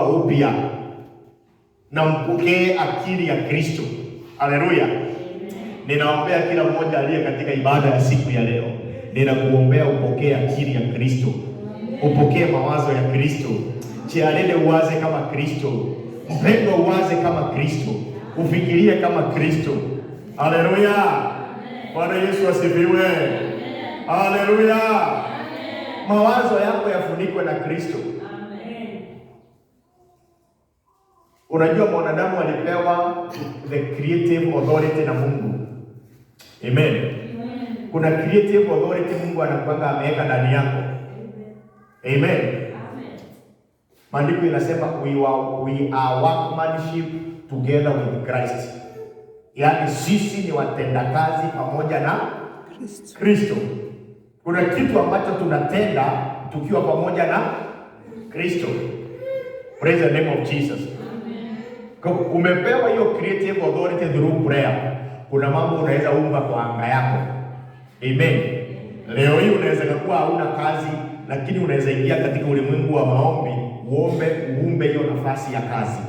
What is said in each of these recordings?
upya na mpokee akili ya Kristo. Haleluya! Ninaombea kila mmoja aliye katika ibada ya siku ya leo, ninakuombea upokee akili ya Kristo, upokee mawazo ya Kristo, chialele uwaze kama Kristo, mpendo uwaze kama Kristo, ufikirie kama Kristo. Haleluya! Bwana Yesu asifiwe! Haleluya! Mawazo yako yafunikwe na Kristo. Unajua mwanadamu alipewa the creative authority na Mungu. Amen. Amen. Kuna creative authority Mungu anakuanga ameweka ndani yako. Amen. Amen. Amen. Maandiko inasema we are, we are workmanship together with Christ. Yaani sisi ni watendakazi pamoja na Kristo. Kuna kitu ambacho tunatenda tukiwa pamoja na Kristo. Praise the name of Jesus umepewa hiyo creative authority through prayer. Kuna mambo unaweza umba kwa anga yako. Amen. Leo hii unaweza kuwa hauna kazi, lakini unaweza ingia katika ulimwengu wa maombi, uombe uumbe hiyo nafasi ya kazi,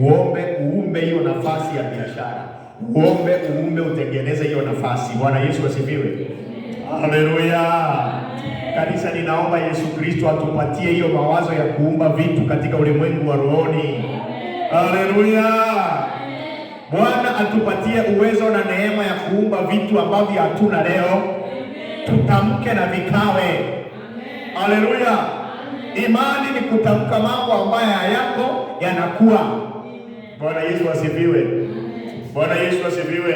uombe uumbe hiyo nafasi ya biashara, uombe uumbe utengeneze hiyo nafasi. Bwana Yesu asifiwe. Haleluya. Kanisa ninaomba Yesu Kristo atupatie hiyo mawazo ya kuumba vitu katika ulimwengu wa rohoni. Haleluya! Bwana atupatie uwezo na neema ya kuumba vitu ambavyo hatuna leo, tutamke na vikawe. Haleluya! Imani ni kutamka mambo ambayo hayako yanakuwa. Bwana Yesu asifiwe! Bwana Yesu asifiwe!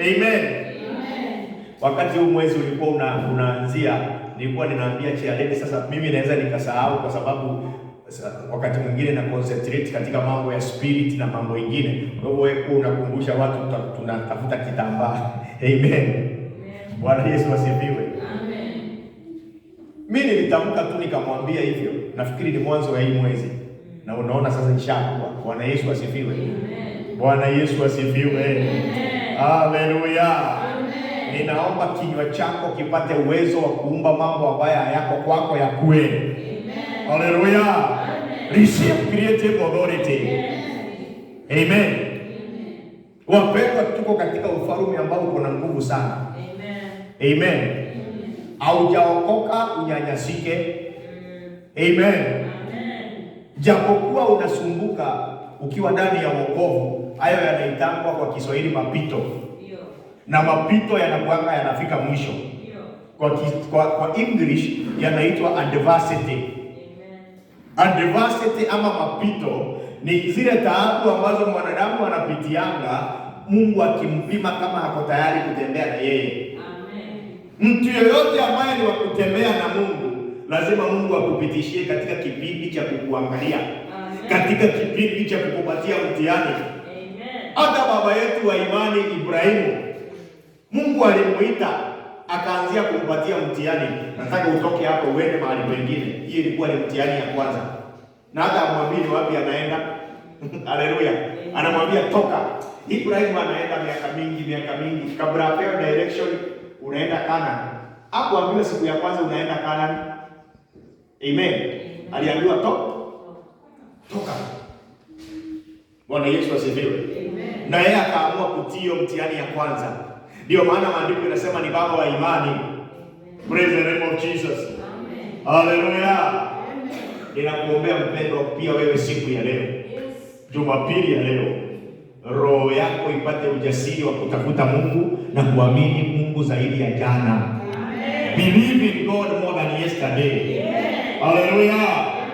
Amen. Amen. Wakati huu mwezi ulikuwa una, unaanzia, nilikuwa ninaambia chia sasa mimi naweza nikasahau kwa sababu wakati mwingine na concentrate katika mambo ya spirit na mambo mengine. Wewe unakumbusha watu tunatafuta kitambaa. Amen. Bwana Yesu asifiwe. Amen. Mimi nilitamka tu nikamwambia hivyo, nafikiri ni mwanzo wa hii mwezi, na unaona sasa ishakuwa. Bwana Yesu asifiwe. Amen. Bwana Yesu asifiwe. Amen. Haleluya. Ninaomba kinywa chako kipate uwezo wa kuumba mambo ambayo hayako kwako ya kweli. Haleluya. Receive creative authority. Amen. Wapendwa, tuko katika ufalme ambao uko na nguvu sana. Amen. Amen. Haujaokoka unyanyasike. Amen. Amen. Japokuwa unasumbuka ukiwa ndani ya wokovu, hayo yanaitangwa kwa Kiswahili mapito, na mapito yanakuanga yanafika mwisho. Kwa, kwa, kwa English yanaitwa adversity adversity ama mapito ni zile taabu ambazo mwanadamu anapitianga, Mungu akimpima kama hako tayari kutembea na yeye. Amen. Mtu yoyote ambaye ni wa kutembea na Mungu lazima Mungu akupitishie katika kipindi cha kukuangalia, katika kipindi cha kukupatia mtihani. Hata baba yetu wa imani Ibrahimu, Mungu alimuita akaanzia kumpatia mtihani, nataka utoke hapo uende mahali pengine. Hiyo ilikuwa ni mtihani ya kwanza, na hata amwambie wapi anaenda. Haleluya, anamwambia toka. Ibrahim anaenda miaka mingi, miaka mingi kabla apewe direction, unaenda Kana. Hapo ambiwa siku ya kwanza unaenda Kana. Amen, aliambiwa toka, toka. Bwana Yesu asifiwe. Amen. Na yeye akaamua kutii mtihani ya kwanza. Ndio maana maandiko yanasema ni baba wa imani. Praise the name of Jesus. Haleluya. Ninakuombea mpendwa, pia wewe siku ya leo yes. Jumapili ya leo roho yako ipate ujasiri wa kutafuta Mungu na kuamini Mungu zaidi ya jana. Believe in God more than yesterday. Haleluya.